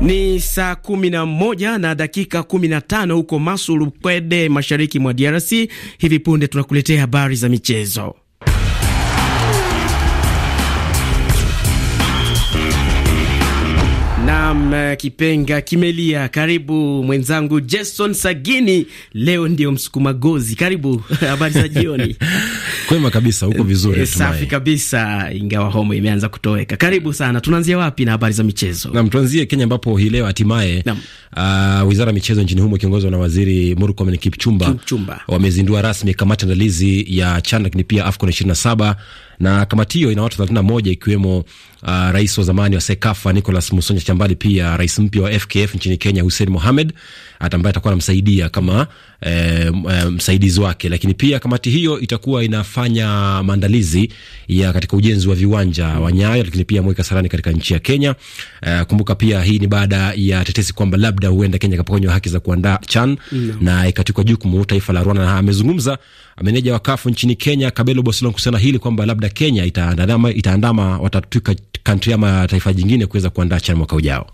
Ni saa kumi na dakika tano huko Masulu Kwede, mashariki mwa DRC. Hivi punde tunakuletea habari za michezo. Salma Kipenga kimelia. Karibu mwenzangu Jason Sagini, leo ndio msukuma gozi. Karibu, habari za jioni. Kwema kabisa, uko vizuri? Eh, safi kabisa, ingawa homo imeanza kutoweka. Karibu sana. Tunaanzia wapi na habari za michezo? Naam, tuanzie Kenya ambapo hii leo hatimaye uh, wizara ya michezo nchini humo ikiongozwa na waziri Murkomen Kipchumba, Kipchumba wamezindua rasmi kamati andalizi ya CHAN lakini pia AFCON 27 na kamati hiyo ina watu 31 ikiwemo uh, rais wa zamani wa Sekafa Nicholas Musonja Chambali, pia rais mpya wa FKF nchini Kenya Hussein Mohamed hata ambaye atakuwa anamsaidia kama e, e, msaidizi wake. Lakini pia kamati hiyo itakuwa inafanya maandalizi ya katika ujenzi wa viwanja wa Nyayo, lakini pia Moi Kasarani katika nchi ya Kenya. E, kumbuka pia hii ni baada ya tetesi kwamba labda huenda Kenya kapokonywa haki za kuandaa CHAN no. na ikatikwa jukumu taifa la Rwanda, na amezungumza meneja wa kafu nchini Kenya Kabelo Bosilon kuhusiana hili kwamba labda Kenya itaandama, itaandama watatwika kantri ama taifa jingine kuweza kuandaa CHAN mwaka ujao.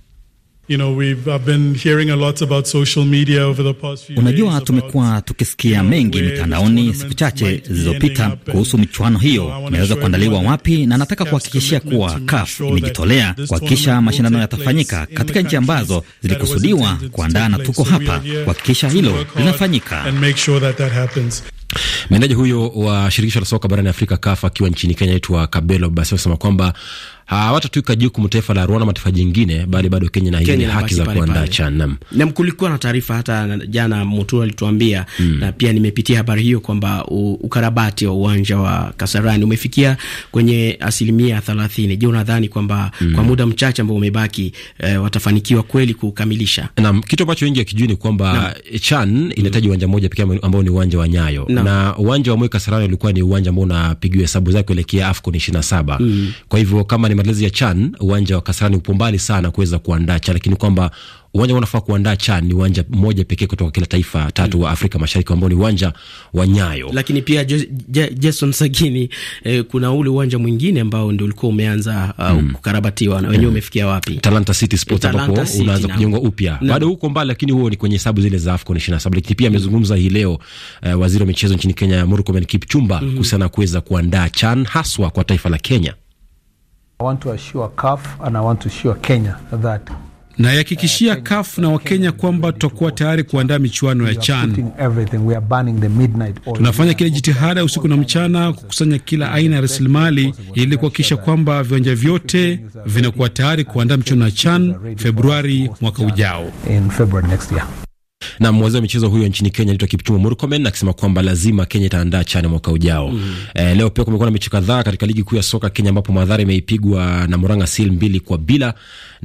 You know, we've, I've been hearing a lot about social media over the past few unajua tumekuwa tukisikia mengi mitandaoni siku chache zilizopita kuhusu michuano hiyo inaweza kuandaliwa wapi, na nataka kuhakikishia kuwa CAF imejitolea kuhakikisha mashindano yatafanyika katika nchi ambazo zilikusudiwa kuandaa, na tuko hapa kuhakikisha hilo linafanyika. Meneja huyo wa shirikisho la soka barani Afrika CAF akiwa nchini Kenya, naitwa Kabelo basi amesema kwamba Ah, hawatatuika jukumu taifa la Rwanda, mataifa jingine, bali bado Kenya na hiyo haki za kuandaa chanam. Na kulikuwa na taarifa hata jana, Mutura alituambia mm, na pia nimepitia habari hiyo kwamba ukarabati wa uwanja wa Kasarani umefikia kwenye asilimia thelathini. Je, unadhani kwamba mm, kwa muda mchache ambao umebaki e, watafanikiwa kweli kukamilisha? Naam, kitu ambacho wengi hakijui ni kwamba CHAN inahitaji hmm. uwanja mm. mmoja pekee ambao ni uwanja wa Nyayo na, na uwanja wa Moi Kasarani ulikuwa ni uwanja ambao unapigiwa hesabu zake kuelekea AFCON 27 mm. kwa hivyo kama ni kwenye maandalizi ya CHAN, uwanja wa Kasarani upo mbali sana kuweza kuandaa CHAN, lakini kwamba uwanja unafaa kuandaa CHAN ni uwanja mmoja pekee kutoka kila taifa tatu wa Afrika Mashariki ambao ni uwanja wa Nyayo. Lakini pia Jason Sagini, eh, kuna ule uwanja mwingine ambao ndio ulikuwa umeanza uh, mm. kukarabatiwa na wenyewe hmm. umefikia mm. wapi? Talanta City Sports ambapo unaanza kujengwa upya bado huko mbali, lakini huo ni kwenye hesabu zile za AFCON 27. Lakini pia amezungumza hii leo eh, waziri wa michezo nchini Kenya Murkomen Kipchumba mm -hmm. kuhusiana kuweza kuandaa CHAN haswa kwa taifa la Kenya. Naihakikishia uh, CAF na Wakenya kwamba tutakuwa tayari kuandaa michuano ya CHAN. Tunafanya kila jitihada usiku na mchana kukusanya kila aina ya rasilimali ili kuhakikisha kwamba viwanja vyote vinakuwa tayari kuandaa michuano ya CHAN Februari mwaka ujao na mwazi wa michezo huyo nchini Kenya anaitwa Kipchumba Murkomen akisema kwamba lazima Kenya itaandaa chani mwaka ujao. Mm. Eh, leo pia kumekuwa na mechi kadhaa katika ligi kuu ya soka Kenya ambapo Mathare imeipigwa na Murang'a Seal mbili kwa bila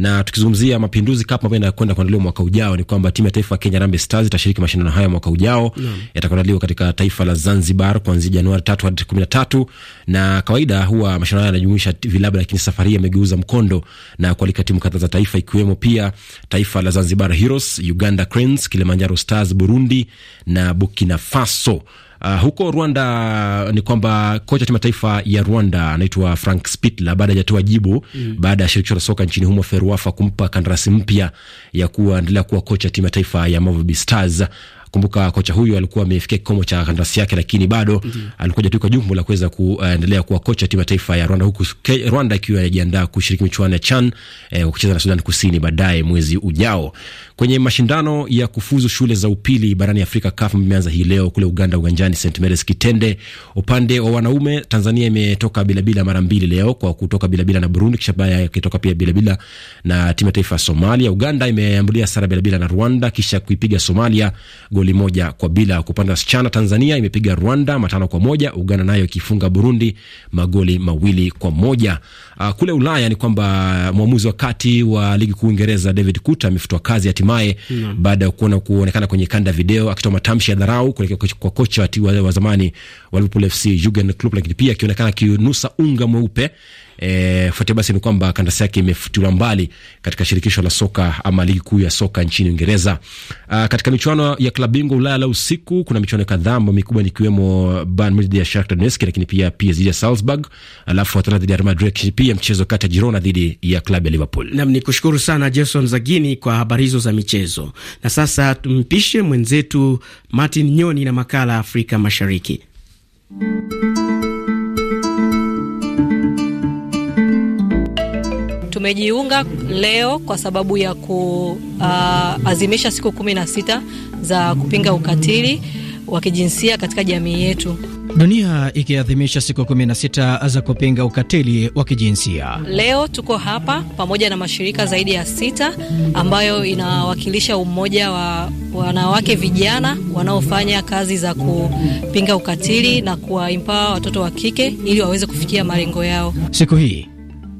na tukizungumzia mapinduzi kapu ambayo inakwenda kuandaliwa mwaka ujao, ni kwamba timu ya taifa ya Kenya Harambee Stars itashiriki mashindano hayo mwaka ujao no. Yatakuandaliwa katika taifa la Zanzibar kuanzia Januari tatu hadi kumi na tatu na kawaida huwa mashindano haya yanajumuisha vilabu, lakini safari yamegeuza mkondo na kualika timu kadhaa za taifa ikiwemo pia taifa la Zanzibar Heroes, Uganda Cranes, Kilimanjaro Stars Burundi na Burkina Faso. Uh, huko Rwanda ni kwamba kocha timu taifa ya Rwanda anaitwa Frank Spitler baada hajatoa jibu mm. baada ya shirikisho la soka nchini humo Ferwafa kumpa kandarasi mpya ya kuendelea kuwa kocha timu taifa ya Mavubi Stars Kumbuka kocha huyu alikuwa amefikia kikomo cha kandarasi yake, lakini bado alikuja tu kwa jukumu la kuweza kuendelea kuwa kocha timu ya taifa ya Rwanda, huku Rwanda ikiwa inajiandaa kushiriki michuano ya CHAN eh, kucheza na Sudan Kusini baadaye mwezi ujao. Kwenye mashindano ya kufuzu shule za upili barani Afrika, CAF imeanza hii leo kule Uganda, uganjani St Mary's Kitende. Upande wa wanaume, Tanzania imetoka bilabila mara mbili leo kwa kutoka bilabila na Burundi, kisha baya ikitoka pia bilabila na timu ya taifa ya Somalia. Uganda imeambulia sara bilabila na Rwanda kisha kuipiga Somalia goli moja kwa bila. Kupanda wasichana, Tanzania imepiga Rwanda matano kwa moja, Uganda nayo ikifunga Burundi magoli mawili kwa moja. Uh, kule Ulaya ni kwamba mwamuzi wa kati wa ligi kuu Uingereza David Kuta amefutwa kazi hatimaye mm, baada ya kuona kuonekana kwenye kanda video akitoa matamshi ya dharau kuelekea kwa kocha wa, wa zamani wa Liverpool FC Jurgen Klopp, lakini pia akionekana akinusa unga mweupe. E, fuatia basi ni kwamba kandasi yake imefutiwa mbali katika shirikisho la soka ama ligi kuu ya soka nchini Uingereza. Uh, katika michuano ya klabu bingwa Ulaya la usiku kuna michuano kadhaa ambayo mikubwa nikiwemo Bayern dhidi ya Shakhtar Donetsk, lakini pia PSG ya Salzburg, alafu Atalanta dhidi ya Real Madrid pia ya mchezo kati ya Girona dhidi ya klabu ya Liverpool. Nam ni kushukuru sana Jason Zagini kwa habari hizo za michezo, na sasa tumpishe mwenzetu Martin Nyoni na makala Afrika Mashariki. Tumejiunga leo kwa sababu ya kuazimisha uh, siku kumi na sita za kupinga ukatili wa kijinsia katika jamii yetu. Dunia ikiadhimisha siku 16 za kupinga ukatili wa kijinsia, leo tuko hapa pamoja na mashirika zaidi ya sita ambayo inawakilisha umoja wa wanawake vijana wanaofanya kazi za kupinga ukatili na kuwaimpa watoto wa kike ili waweze kufikia malengo yao. Siku hii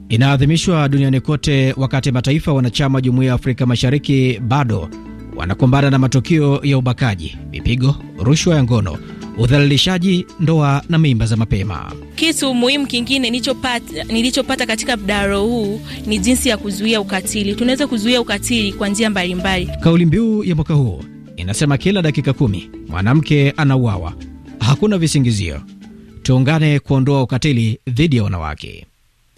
inaadhimishwa duniani kote, wakati mataifa wanachama jumuiya ya Afrika Mashariki bado wanakumbana na matukio ya ubakaji, mipigo, rushwa ya ngono udhalilishaji, ndoa na mimba za mapema. Kitu muhimu kingine nilichopata katika mdaro huu ni jinsi ya kuzuia ukatili. Tunaweza kuzuia ukatili kwa njia mbalimbali. Kauli mbiu ya mwaka huu inasema kila dakika kumi mwanamke anauawa. Hakuna visingizio, tuungane kuondoa ukatili dhidi ya wanawake.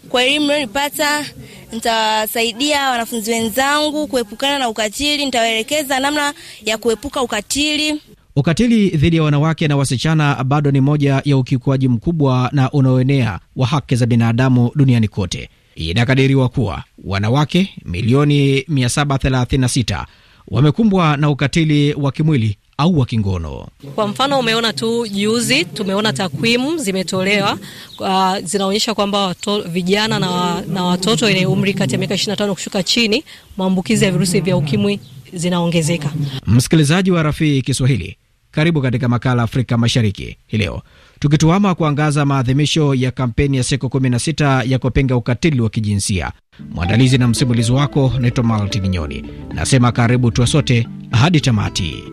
Kwa elimu niliyopata, nitawasaidia wanafunzi wenzangu kuepukana na ukatili. Nitawaelekeza namna ya kuepuka ukatili. Ukatili dhidi ya wanawake na wasichana bado ni moja ya ukiukwaji mkubwa na unaoenea wa haki za binadamu duniani kote. Inakadiriwa kuwa wanawake milioni 736 wamekumbwa na ukatili wa kimwili au wa kingono. Kwa mfano, umeona tu juzi tumeona takwimu zimetolewa, uh, zinaonyesha kwamba vijana na, na watoto wenye umri kati ya miaka 25 kushuka chini, maambukizi ya virusi vya ukimwi zinaongezeka. Msikilizaji wa Rafii Kiswahili, karibu katika makala Afrika Mashariki hii leo, tukituama kuangaza maadhimisho ya kampeni ya siku 16 ya kupinga ukatili wa kijinsia. Mwandalizi na msimulizi wako naitwa Maltin Nyoni, nasema karibu tuwa sote hadi tamati.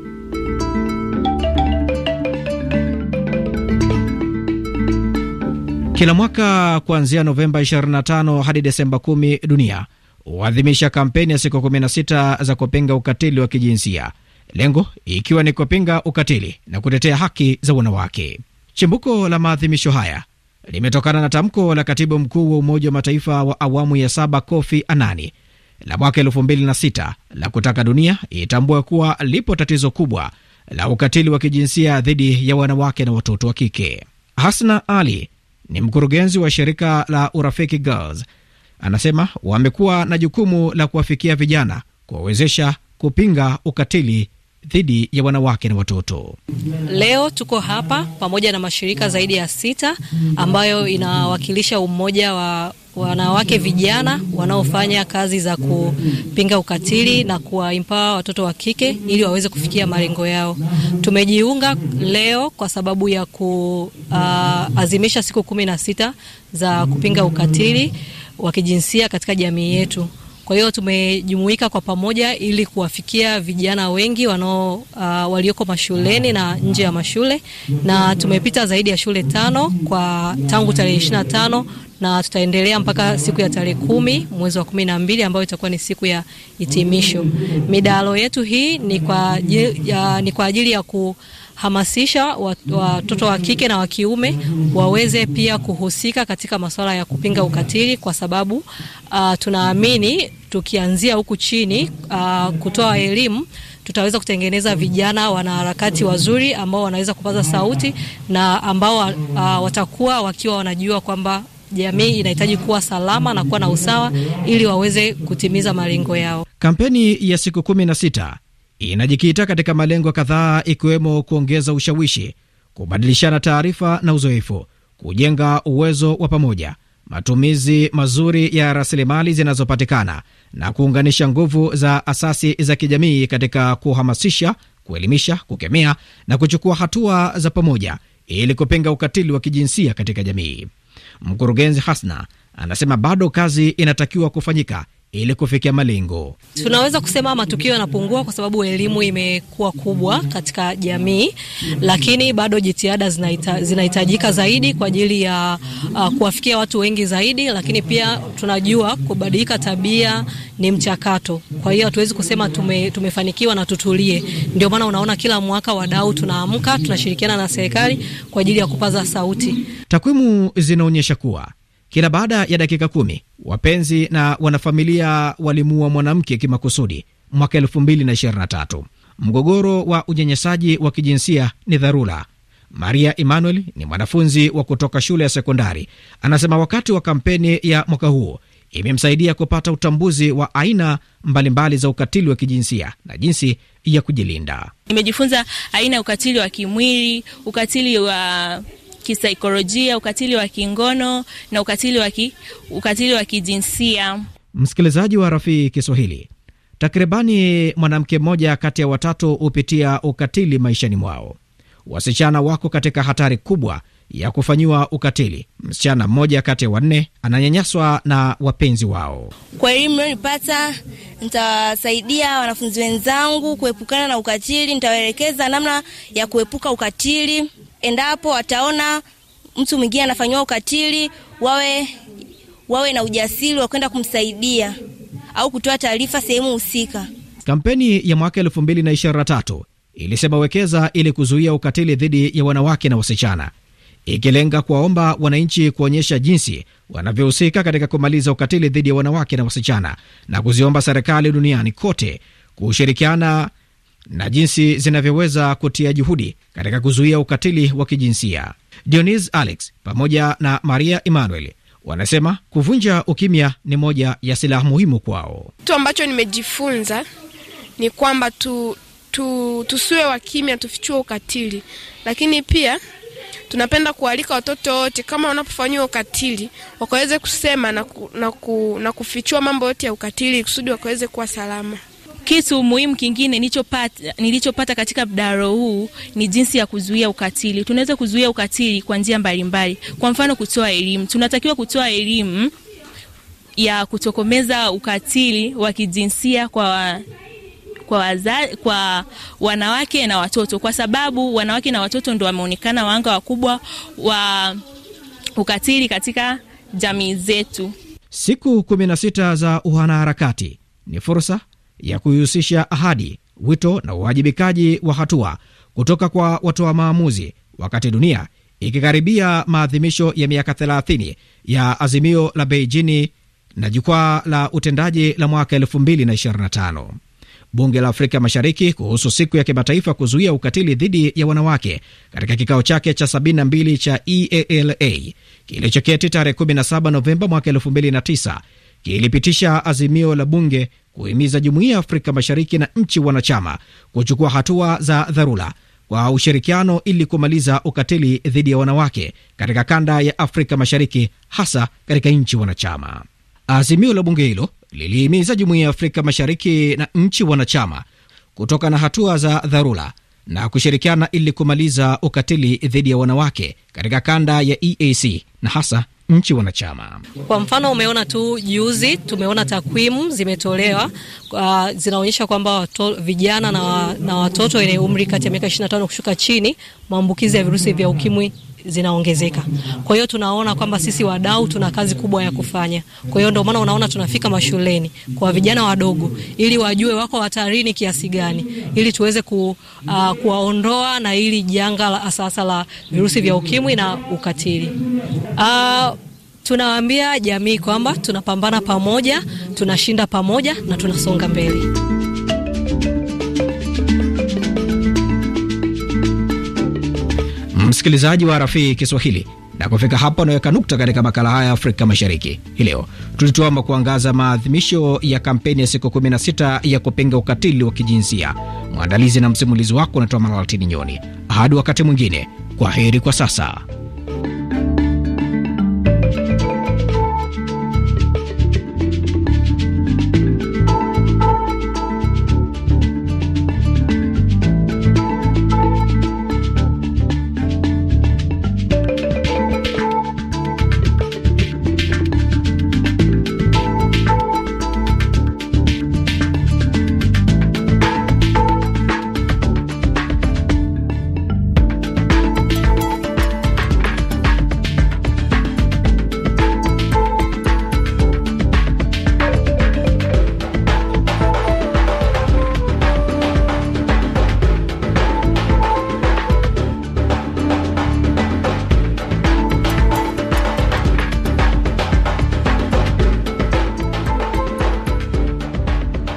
Kila mwaka kuanzia Novemba 25 hadi Desemba 10 dunia huadhimisha kampeni ya siku 16 za kupinga ukatili wa kijinsia lengo ikiwa ni kupinga ukatili na kutetea haki za wanawake. Chimbuko la maadhimisho haya limetokana na tamko la katibu mkuu wa Umoja wa Mataifa wa awamu ya saba Kofi Anani la mwaka elfu mbili na sita la kutaka dunia itambue kuwa lipo tatizo kubwa la ukatili wa kijinsia dhidi ya wanawake na watoto wa kike. Hasna Ali ni mkurugenzi wa shirika la Urafiki Girls, anasema wamekuwa na jukumu la kuwafikia vijana, kuwawezesha kupinga ukatili dhidi ya wanawake na watoto. Leo tuko hapa pamoja na mashirika zaidi ya sita ambayo inawakilisha umoja wa wanawake vijana wanaofanya kazi za kupinga ukatili na kuwaimpa watoto wa kike ili waweze kufikia malengo yao. Tumejiunga leo kwa sababu ya kuazimisha uh, siku kumi na sita za kupinga ukatili wa kijinsia katika jamii yetu. Kwa hiyo tumejumuika kwa pamoja ili kuwafikia vijana wengi wanao uh, walioko mashuleni na nje ya mashule, na tumepita zaidi ya shule tano kwa tangu tarehe ishirini na tano na tutaendelea mpaka siku ya tarehe kumi mwezi wa kumi na mbili ambayo itakuwa ni siku ya hitimisho. Midahalo yetu hii ni kwa ajili ya, ni kwa ajili ya ku kuhamasisha watoto wa kike na wa kiume waweze pia kuhusika katika masuala ya kupinga ukatili, kwa sababu uh, tunaamini tukianzia huku chini uh, kutoa elimu tutaweza kutengeneza vijana wanaharakati wazuri ambao wanaweza kupaza sauti na ambao uh, watakuwa wakiwa wanajua kwamba jamii inahitaji kuwa salama na kuwa na usawa ili waweze kutimiza malengo yao. Kampeni ya siku kumi na sita inajikita katika malengo kadhaa ikiwemo kuongeza ushawishi, kubadilishana taarifa na uzoefu, kujenga uwezo wa pamoja, matumizi mazuri ya rasilimali zinazopatikana na kuunganisha nguvu za asasi za kijamii katika kuhamasisha, kuelimisha, kukemea na kuchukua hatua za pamoja ili kupinga ukatili wa kijinsia katika jamii. Mkurugenzi Hasna anasema bado kazi inatakiwa kufanyika ili kufikia malengo. Tunaweza kusema matukio yanapungua kwa sababu elimu imekuwa kubwa katika jamii, lakini bado jitihada zinahitajika zaidi kwa ajili ya uh, kuwafikia watu wengi zaidi, lakini pia tunajua kubadilika tabia ni mchakato. Kwa hiyo hatuwezi kusema tume, tumefanikiwa na tutulie. Ndio maana unaona kila mwaka wadau tunaamka, tunashirikiana na serikali kwa ajili ya kupaza sauti. Takwimu zinaonyesha kuwa kila baada ya dakika kumi wapenzi na wanafamilia walimuua mwanamke kimakusudi mwaka tatu. Mgogoro wa unyanyasaji wa kijinsia ni dharura. Maria Emmanuel ni mwanafunzi wa kutoka shule ya sekondari, anasema wakati wa kampeni ya mwaka huo imemsaidia kupata utambuzi wa aina mbalimbali mbali za ukatili wa kijinsia na jinsi ya kujilinda. Nimejifunza aina ya ukatili wa kimwili, ukatili wa kisaikolojia, ukatili wa kingono na ukatili wa ki, ukatili wa kijinsia. Msikilizaji wa Rafii Kiswahili, takribani mwanamke mmoja kati ya watatu hupitia ukatili maishani mwao. Wasichana wako katika hatari kubwa ya kufanyiwa ukatili. Msichana mmoja kati ya wanne ananyanyaswa na wapenzi wao. Kwa elimu niliyopata, nitawasaidia wanafunzi wenzangu kuepukana na ukatili, nitawaelekeza namna ya kuepuka ukatili endapo wataona mtu mwingine anafanyiwa ukatili, wawe, wawe na ujasiri wa kwenda kumsaidia au kutoa taarifa sehemu husika. Kampeni ya mwaka 2023 ilisema wekeza ili kuzuia ukatili dhidi ya wanawake na wasichana, ikilenga kuwaomba wananchi kuonyesha jinsi wanavyohusika katika kumaliza ukatili dhidi ya wanawake na wasichana na kuziomba serikali duniani kote kushirikiana na jinsi zinavyoweza kutia juhudi katika kuzuia ukatili wa kijinsia. Dionis Alex pamoja na Maria Emmanuel wanasema kuvunja ukimya ni moja ya silaha muhimu kwao. Kitu ambacho nimejifunza ni kwamba tu, tu, tusiwe wakimya, tufichue ukatili, lakini pia tunapenda kualika watoto wote kama wanapofanyiwa ukatili wakaweze kusema na, ku, na, ku, na kufichua mambo yote ya ukatili kusudi wakaweze kuwa salama. Kitu muhimu kingine nilichopata nilichopata katika mdaro huu ni jinsi ya kuzuia ukatili. Tunaweza kuzuia ukatili kwa njia mbalimbali, kwa mfano kutoa elimu. Tunatakiwa kutoa elimu ya kutokomeza ukatili wa kijinsia kwa kwa, waza, kwa wanawake na watoto, kwa sababu wanawake na watoto ndio wameonekana wanga wakubwa wa ukatili katika jamii zetu. Siku 16 za uhanaharakati ni fursa ya kuihusisha ahadi, wito na uwajibikaji wa hatua kutoka kwa watoa maamuzi, wakati dunia ikikaribia maadhimisho ya miaka 30 ya azimio la beijini na jukwaa la utendaji la mwaka 2025. Bunge la Afrika Mashariki kuhusu siku ya kimataifa kuzuia ukatili dhidi ya wanawake katika kikao chake cha 72 cha EALA kilichoketi tarehe 17 Novemba mwaka kilipitisha azimio la bunge kuhimiza jumuiya ya Afrika Mashariki na nchi wanachama kuchukua hatua za dharura kwa ushirikiano ili kumaliza ukatili dhidi ya wanawake katika kanda ya Afrika Mashariki, hasa katika nchi wanachama. Azimio la bunge hilo lilihimiza jumuiya ya Afrika Mashariki na nchi wanachama kutoka na hatua za dharura na kushirikiana ili kumaliza ukatili dhidi ya wanawake katika kanda ya EAC na hasa nchi wanachama. Kwa mfano, umeona tu juzi tumeona takwimu zimetolewa, uh, zinaonyesha kwamba vijana na, na watoto wenye umri kati ya miaka 25 kushuka chini, maambukizi ya virusi vya ukimwi zinaongezeka. Kwa hiyo tunaona kwamba sisi wadau tuna kazi kubwa ya kufanya. Kwa hiyo ndio maana unaona tunafika mashuleni kwa vijana wadogo, ili wajue wako hatarini kiasi gani, ili tuweze ku, uh, kuwaondoa na ili janga la sasa la virusi vya ukimwi na ukatili uh, tunawaambia jamii kwamba tunapambana pamoja, tunashinda pamoja na tunasonga mbele. msikilizaji wa Rafii Kiswahili, na kufika hapa unaweka nukta katika makala haya ya Afrika Mashariki hii leo. Tulituama kuangaza maadhimisho ya kampeni ya siku 16 ya kupinga ukatili wa kijinsia. Mwandalizi na msimulizi wako unatoa Malaltini Nyoni. Hadi wakati mwingine, kwa heri kwa sasa.